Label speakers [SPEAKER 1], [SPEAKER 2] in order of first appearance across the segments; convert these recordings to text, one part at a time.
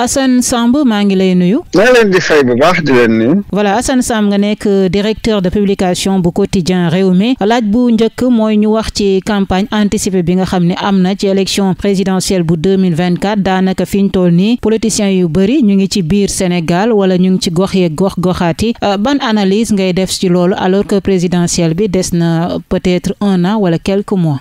[SPEAKER 1] Assane Samb maa ngi lay nuyu.
[SPEAKER 2] maa leen di fay bu baax di leen nuyu.
[SPEAKER 1] voilà Assane Samb nga nekk directeur de publication bu quotidien Rewmi laaj bu njëkk mooy ñu wax ci campagne anticipée bi nga xam ni am na ci élection présidentielle bu deux mille vingt quatre daanaka fi ñu toll yu bëri ñu ngi ci biir Sénégal wala ñu ngi ci gox yeeg gox goxaat yi euh, ban analyse ngay def ci loolu alors que présidentielle bi des na peut-être un an wala quelques mois.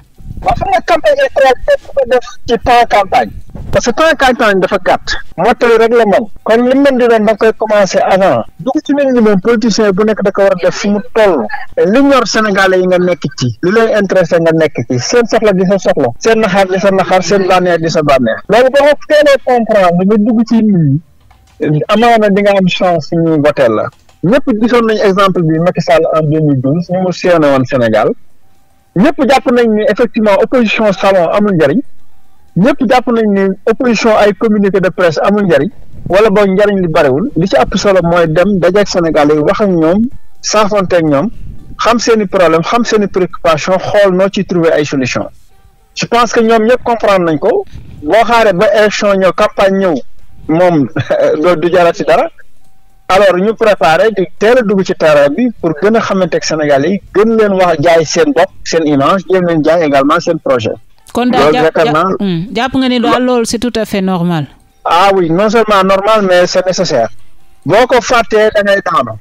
[SPEAKER 2] parce que temps campagne dafa gàtt mottali rek la man kon li mel ni doon da nga koy commencé avant dugg ci mel ni moom politicien bu nekk da ko war a def fu mu toll li ñor sénégalais yi nga nekk ci li lay intéressé nga nekk ci seen soxla di sa soxla seen naxaar di sa naxaar seen bànneex di sa bànneex loolu ba nga teelee comprendre nga dugg ci nii amaana di nga am chance ñuy voteel la ñëpp gisoon nañ exemple bi Macky Sall en 2012 ñu mu séenee woon Sénégal ñëpp jàpp nañ ni effectivement opposition salon amul njëriñ ñëpp jàpp nañ ni opposition ay communité de presse amul njariñ wala boog njariñ li bariwul li ci ëpp solo mooy dem dajeeg Sénégal yi wax ak ñoom saafonteeg ñoom xam seen i problème xam seen i préoccupation xool noo ciy trouver ay solution je pense que ñoom ñëpp comprendre nañ ko boo xaaree ba élection ñëw campagne ñëw moom du jarat ci dara alors ñu préparé di teel dugg ci terrain bi pour gën a xamante ak Sénégal yi gën leen wax jaay seen bopp seen image gën leen jaay seen projet
[SPEAKER 1] kon daal hmm, jàpp nga ni daal loolu c'est tout à fait normal. ah oui non
[SPEAKER 2] seulement normal mais c'est nécessaire boo ko fàttee da ngay daanu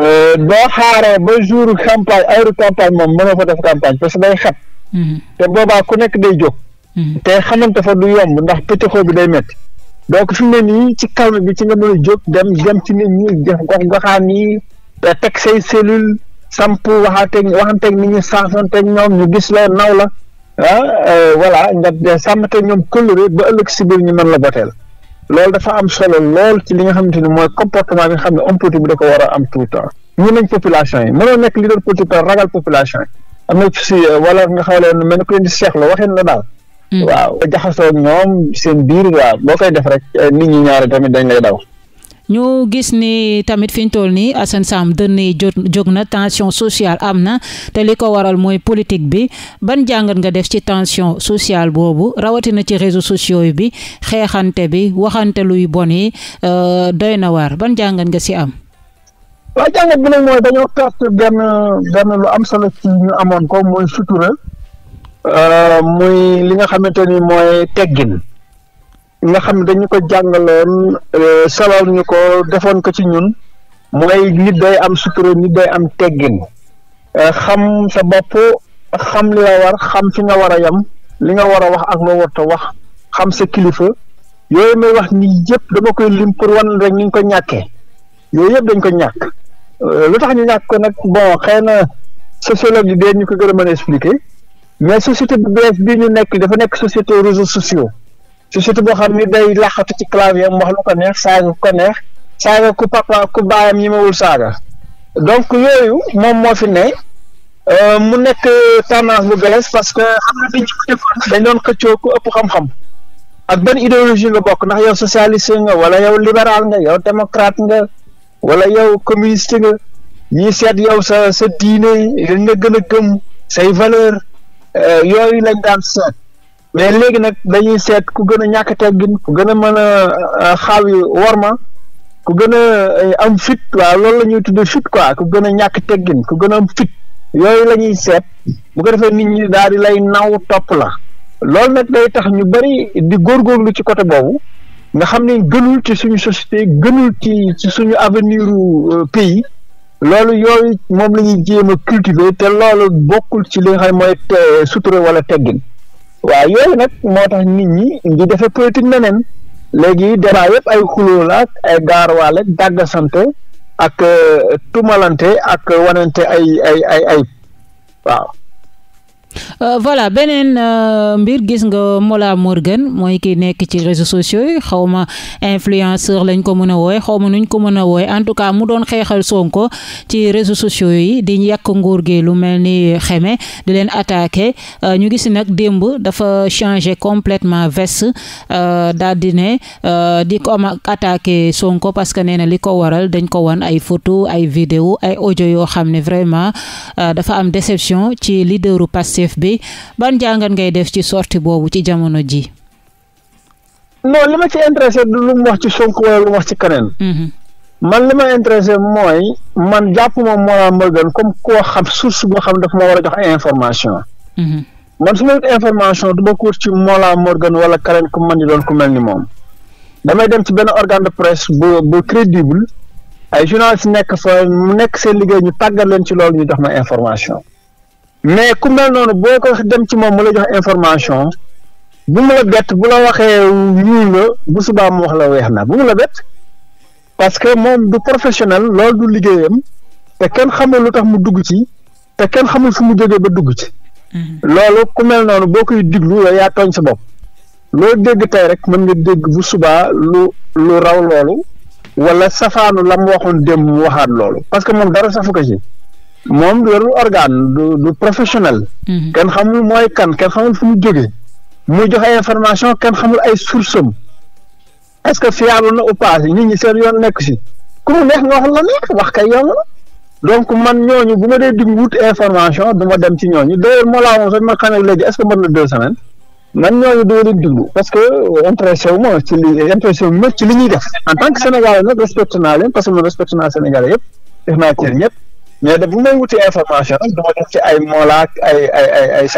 [SPEAKER 2] euh, boo xaaree ba jour campagne heure campagne moom a fa def campagne parce que day xat hmm. te boobaa ku nekk day jóg hmm. te xamante fa du yomb ndax pétixoo bi day métti donc fi mu ne nii ci calme bi ci nga mën a jóg dem dem ci nit ñi def gox goxaan yi te teg say cellule samp waxaateeg waxanteeg nit ñi sansanteeg ñoom ñu gis la naw la ah euh, voilà nga sàmmte ñoom kóllëre ba ëllëg si biir ñu mën la boteel loolu dafa am solo lool ci li nga xamante ni mooy comportement bi nga xam ne homme politique bi da ko war a am tout le temps ñu nañ population yi mënoo nekk li leader politique par ragal population yi am na si euh, wala nga xaw leen mel ni ku leen di seexlu waxin la daal. Hmm. waaw jaxasoo ñoom seen biir waaw boo koy def rek euh, nit ñi ñaare tamit dañ lay daw.
[SPEAKER 1] ñu gis ni tamit fiñ ñu toll nii Assane Samb dënn yi jóg na tension sociale am na te li ko waral mooy politique bi ban jàngat nga def ci tension sociale boobu rawatina ci réseaux sociaux yi bi xeexante bi waxante luy bon yi euh, doy na waar ban jàngat nga si am. waaw jàngat bi nag mooy
[SPEAKER 2] dañoo perte benn benn lu am solo ci ñu amoon ko mooy sutura euh, muy li nga xamante ni mooy teggin. nga xam dañu ko jàngaloon euh, solal ñu ko defoon ko ci ñun mooy nit day am sutura nit day am teggin euh, xam sa bopp xam li xam fi nga war a yem li nga war a wax ak loo warta wax xam sa kilifa yooyu may wax ni yëpp dama koy lim pour wan rek ni ñu ko ñàkkee yooyu yëpp dañ ko ñàkk euh, lu tax ñu ñàkk ko nag bon xëy na sociologue bi dee ñu ko gën a mën a expliquer mais société bu bees bii ñu nekk dafa nekk société réseaux sociaux société boo xam ni day làqatu ci clavier am wax lu ko neex saaga ku ko neex saaga ku papa ku baayam ñi saaga donc yooyu moom moo fi ne euh, mu nekk tendance bu gëles parce que dañ doon xëccoo ku ëpp xam-xam ak benn idéologie nga bokk ndax yow socialiste nga wala yow libéral nga yow démocrate nga wala yow communiste nga ñii seet yow sa sa diine li nga gën a gëm say valeur euh, yooyu lañ daan seet mais léegi nag dañuy seet ku gën a ñàkk teggin ku gën a mën a euh, xaawi worma ku gën a euh, am fit waaw loolu la ñuy tuddee fit quoi ku gën a ñàkk teggin ku gën a am fit yooyu lañuy seet bu ko defee nit ñi daal di lay naw topp la loolu nag day tax ñu bari di góor góorgóorlu ci côté boobu nga xam ne gënul ci suñu société gënul ci suñu avenir euh, pays loolu yooyu moom la ñuy jéem a cultiver te loolu bokkul ci li nga xam mooy sutura wala teggin. waaw yooyu nag moo tax nit ñi di defee politique neneen léegi débat yëpp ay xuloo la ak ay gaaruwaale dàggasante ak euh, tumalante ak wanante ay ay ay ay waaw
[SPEAKER 1] Euh, voilà beneen euh, mbir gis nga Mollah Morgan mooy ki nekk ci réseaux sociaux yi xaw ma influenceur lañ ko mën a wooye xaw ma nuñ ko mën a wooye en tout cas mu doon xeexal Sonko ci réseaux sociaux yi di yàq nguur gi lu mel ni xeme di leen attaqué euh, ñu euh, gis nag démb dafa changé complètement veste euh, daal di ne di ko am attaqué Sonko parce que nee na li ko waral dañ ko wan ay photo ay vidéo ay ojo yoo xam ne vraiment dafa am déception ci leaderu Pastef Pastef bi ban jàngat ngay def ci sortie boobu ci jamono ji.
[SPEAKER 2] non li ma ci intéressé du lu mu wax ci Sonko wala lu mu wax ci keneen. Mhm. man li ma intéressé mooy man jàpp ma Mollah Morgun comme koo xam source boo xam dafa ma war a jox ay information mhm. man su ma wut information du ma ko ci Mollah Morgun wala keneen ku man di doon ku mel ni moom damay dem ci benn organe de presse bu bu crédible ay journaliste nekk fa mu nekk seen liggéey ñu tàggat leen ci loolu ñu mais ku mel noonu boo ko dem ci moom mu la jox information bu mu la bett bu la waxee ñuul la bu subaa mu wax la weex na bu mu la bett parce que moom du professionnel loolu du liggéeyam te kenn xamul lu tax mu dugg ci te kenn xamul fu mu jógee ba dugg ci. Mm-hmm. loolu ku mel noonu boo koy diglu yaa tooñ sa bopp. loo dégg tey rek mën nga dégg bu subaa lu lu raw loolu wala safaanu la mu waxoon démb mu waxaat loolu parce que moom dara safu ko ci. moom yorul organe du du professionnel. Mhm. kenn xamul mooy kan kenn xamul fu mu jógee. muy joxe information kenn xamul ay source am est-ce que fiable na ou pas nit ñi seen yoon nekk si ku mu neex nga wax la neex wax kay yomb la donc man ñooñu bu ma dee dig wut information du ma dem ci ñooñu d'ailleurs moo laa moom sax ma xamee léegi est-ce que mën na deux semaines man ñooñu doo leen diglu parce que intéressé wu ma ci li intéressé wu ma ci li ñuy def en tant que sénégalais nag respecté naa leen que man respecté naa sénégalais mais da bu may wuti information nag dama ci ay moolaak ay ay ay ay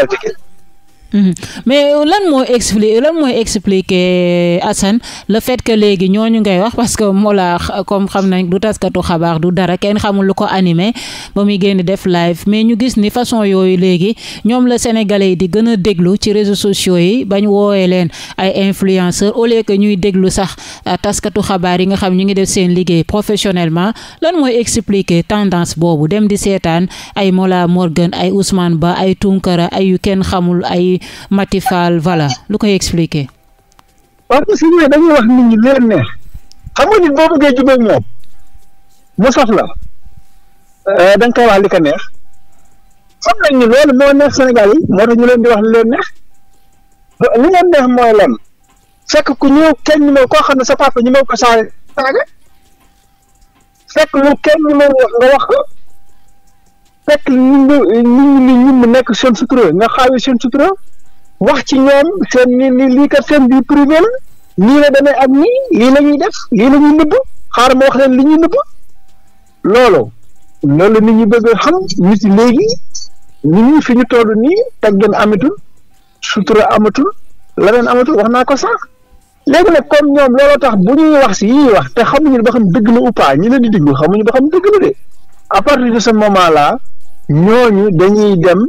[SPEAKER 1] Mhm. mais euh, lan moo expliqué lan mooy expliquer euh, Assane le fait que léegi ñu ngay wax parce que Mollah comme xam nañ du taskatu xabaar du dara kenn xamul lu ko animé ba muy génn def live mais ñu gis ni façon yooyu léegi ñoom la sénégalais yi di gën a déglu ci réseau sociaux yi bañ woowee leen ay influenceurs au lieu que ñuy déglu sax euh, taskatu xabaar yi nga xam ñu ngi def seen liggéey professionnellement lan mooy expliquer tendance boobu dem di seetaan ay Mollah Morgan ay Ousmane Ba ay Tunkara Maty Fall voilà lu koy expliquer.
[SPEAKER 2] waaw parce que dañuy wax nit ñi lu leen neex xam nga nit boo bëggee jubóo ak moom mu saf la euh, da koy wax li ko neex xam nañ ni loolu moo neex Sénégal yi moo tax ñu leen di wax lu leen neex li leen neex mooy lan fekk ku ñëw kenn ñu koo xam ne sa papa ñu mën ko saa saaga fekk lu kenn ñu mën wax nga wax fekk ñu nga ñu mu nekk seen sutura nga xaawi seen sutura wax ci ñoom seen ni ni lii kat seen bi privé la lii la demee ak nii lii la ñuy def lii la ñuy nëbb xaaral ma wax leen li ñuy nëbb loolu loolu nit ñu bëgg xam nit léegi nit ñi fi ñu toll nii teggin amatul sutura amatul leneen amatul wax naa ko sax léegi nag comme ñoom looloo tax bu ñuy wax si yi wax te xamuñu ba xam dëgg la ou pas ñi leen di diglu xamuñu ba xam dëgg la de à partir de ce moment là ñooñu dañuy dem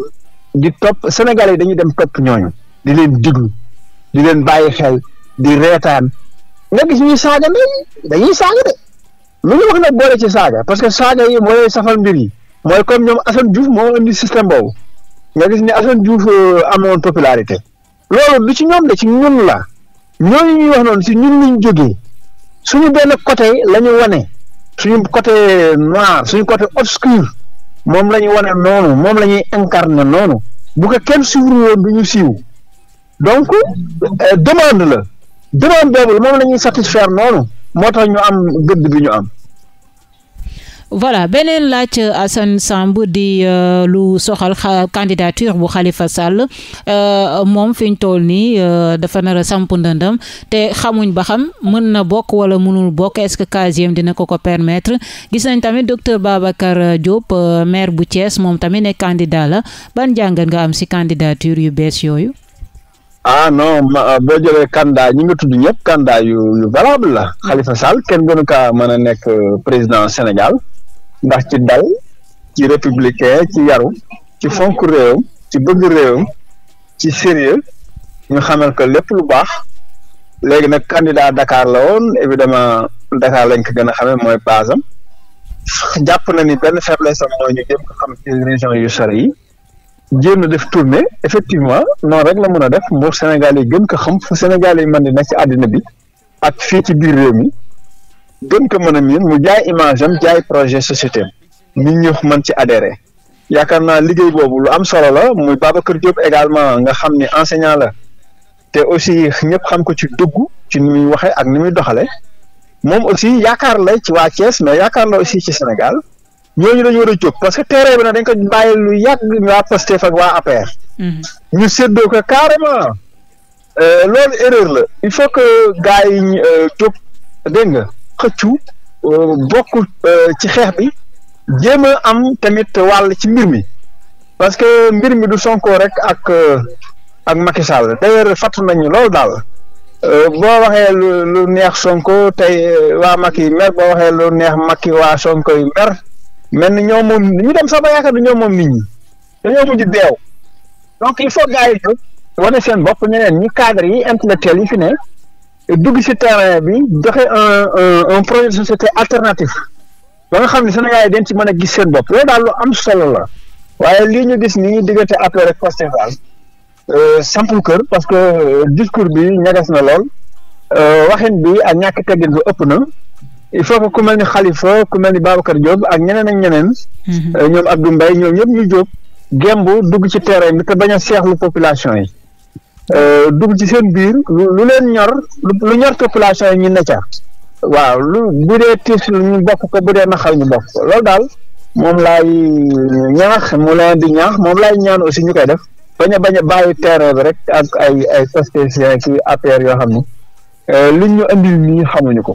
[SPEAKER 2] di topp yi dañuy dem topp ñooñu di leen diglu di leen bàyyi xel di reetaan nga gis ñuy saaga ndey dañuy saaga de lu ñu wax nag boole ci saaga parce que saaga yi mooy safal mbir yi mooy comme ñoom Assane Diouf moo indi système boobu nga gis ne Assane Diouf euh, amoon popularité loolu du ci ñoom de ci ñun la ñooñu ñuy wax noonu si ñun liñ jógee suñu benn côté la ñu wane suñu côté noir suñu côté obscur moom la ñu wane noonu moom la ñuy incarné noonu bu ko kenn suivre woon du ñu siiw donc euh, demande la demande boobu moom la ñuy satisfaire noonu moo tax ñu am gëdd bi ñu am
[SPEAKER 1] voilà beneen laaj euh, assan Samb di euh, lu soxal candidature bu xalifa Sall euh, moom fi ñu toll nii dafa nar a samp ndëndam te xamuñ ba xam mën na bokk wala mënul bokk est-ce que casier dina ko ko permettre gis nañ tamit docteur Babacar Diop maire bu Thiès moom tamit ne candidat la ban jàngat nga am si candidature yu bees yooyu.
[SPEAKER 2] ah non boo jëlee candidat ñi nga tudd ñëpp candidat yu yu valable la mm. Khalifa Sall kenn gënu kaa mën a nekk président Sénégal. ndax ci dal ci républicain ci yaru ci fonk réewam ci bëgg réewam ci sérieux ñu xamal ko lépp lu baax léegi nag candidat Dakar la woon évidement Dakar lañ ko gën a xamee mooy basam jàpp na ni benn faiblesse am mooy ñu jëm ko xam ci yu sore yi jéem def tournée effectivement noonu rek la mën a def mbur Sénégal yi gën ko xam fu Sénégal yi mën di nekk ci àddina bi ak fii ci biir réew mi gën ko mën a miin mu jaay image am jaay projet société am nit ñi mën ci adhéré yaakaar naa liggéey boobu lu am solo la muy kër Diop également nga xam ni enseignant la te aussi ñëpp xam ko ci dugg ci ni muy waxee ak ni muy doxale moom aussi yaakaar la ci waa Thiès mais yaakaar la aussi ci Sénégal ñu dañu war a jóg parce que terrain bi nag dañ ko bàyyi lu yàgg waa Pastef ak waa APR. Mm-hmm. ñu séddoo ko carrément euh, loolu erreur la il faut que gars yi euh, jóg dégg nga. xëccu euh, bokk euh, ci xeex bi jéem a am tamit wàll ci mbir mi parce que mbir mi du Sonko rek ak euh, ak Macky Sall d'ailleurs fàttu nañu loolu daal boo waxee lu neex Sonko tey waa Macky mer boo waxee lu neex Macky waa Sonko yi mer mel ni ñoo moom ñu dem sax ba yaakaar ni ñoo moom nit ñi dañoo mujj deew donc il faut gars yi jóg wane seen bopp ñeneen ñi cadre yi intellectuel yi fi ne dugg ci terrain bi joxe un un projet de société alternatif ba nga xam ne Sénégal yi dañ ci mën a gis seen bopp loolu daal lu am solo la waaye li ñu gis nii diggante APR ak Pastef daal euh, sampul kër parce que euh, discours bi ñagas na lool euh, waxin bi ak ñàkk teggin bi ëpp na il faut que ku mel ni Khalifa ku mel ni Babacar Diop ak ñeneen ak ñeneen. Mhm. ñoom Abdou mbay ñoom ñëpp ñu jóg gembu dugg ci terrain bi te bañ a seexlu population yi. Euh, dugg ci seen biir lu leen ñor lu ñor population yi ñu ne ca waaw lu bu dee tiis ñu bokk ko bu dee ñu bokk ko loolu daal moom laay ñaax mu leen di ñaax moom laay ñaan aussi ñu koy def bañ a bañ a bàyyi bi rek ak ay ay statisticiens ci APR yoo xam ne euh, liñ ñu andil nii xamuñu ko.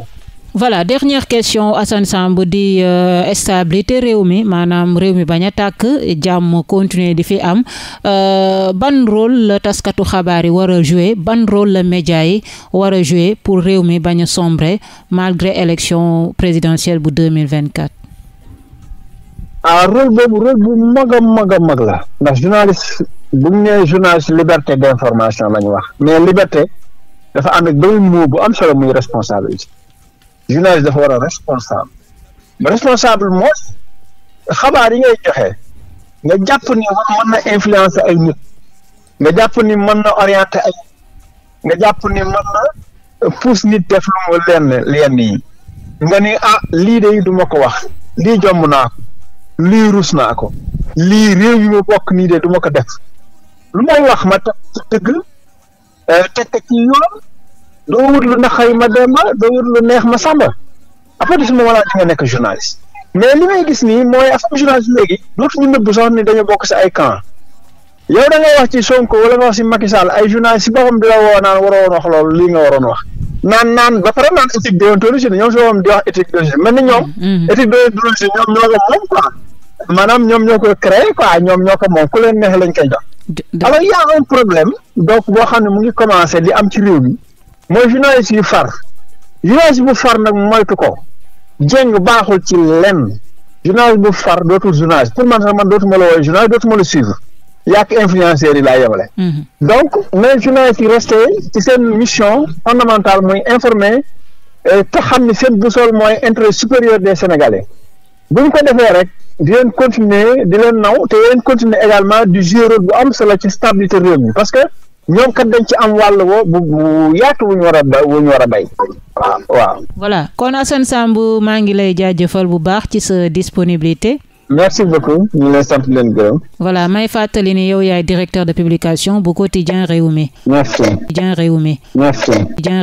[SPEAKER 1] voilà dernière question Assane Samb di euh, stabilité réew mi maanaam réew mi bañ a tàkk jàmm continuer di fi am euh, ban rôle la taskatu xabaar yi war a jouer ban rôle la média yi war a jouer pour réew mi bañ a sombrer malgré élection présidentielle bu 2024
[SPEAKER 2] ah rôle boobu rôle bu mag a mag la ndax journaliste bu ñu nee journaliste liberté d'information la ñu wax mais liberté dafa am ak benn mot bu am solo muy responsabilité journaliste dafa war a responsable responsable xabaar yi ngay joxe nga jàpp ni mën na influencer ay nit nga jàpp ni mën na orienter ay nga jàpp ni mën na pousse nit def lu mu lenn lenn yi nga ni ah lii de du ma ko wax lii jomm naa ko lii ruus naa ko lii réew yi ma bokk nii de duma ko def lu may wax ma teg ci dëgg eh, teg ci yoon doo wut lu naqari ma demba doo neex ma sàmba à partir de ce moment nga nekk journaliste mais li may gis nii mooy affaire journaliste léegi dootuñu nëbb sax ni dañoo bokk sa ay camp yow da ngay wax ci Sonko wala wax si Macky Sall ay journaliste si boppam di la woo naan waroon wax loolu lii nga waroon wax naan naan ba pare naan éthique déontologie ñoom si boppam di wax éthique déontologie mel ni ñoom. Mhm. éthique déontologie ñoom ko moom maanaam ñoom ñoo ko créé quoi ñoom ñoo ko moom ku leen neex lañ koy jox. alors y a boo xam ne mu ngi commencé di am ci réew mi. mooy journaliste yu far journaliste bu far nag moytu ko jeng baaxul ci lenn journaliste bu far dootul journaliste pour man sax man dootuma la woowee journaliste dootuma la suivre yàq influenceurs yi laa yemale. Mhm. donc mais journaliste yi resté ci seen mission fondamentale muy informer euh, te xam ni seen boussole mooy intérêt supérieur des sénégalais bu ñu ko defee rek di leen continuer di leen naw te leen continuer également du jouer rôle bu am solo ci stabilité réew mi parce que. ñoom kat dañ ci am wàll woo bu bu yaatu wuñu war a war a bay waaw waaw.
[SPEAKER 1] voilà kon Assane Samb maa ngi lay jaajëfal bu baax ci sa disponibilité. merci beaucoup
[SPEAKER 2] ñu lay sant leen gërëm.
[SPEAKER 1] voilà may fàttali ni yow yaay directeur de publication bu quotidien Rewmi.
[SPEAKER 2] merci quotidien Rewmi. merci.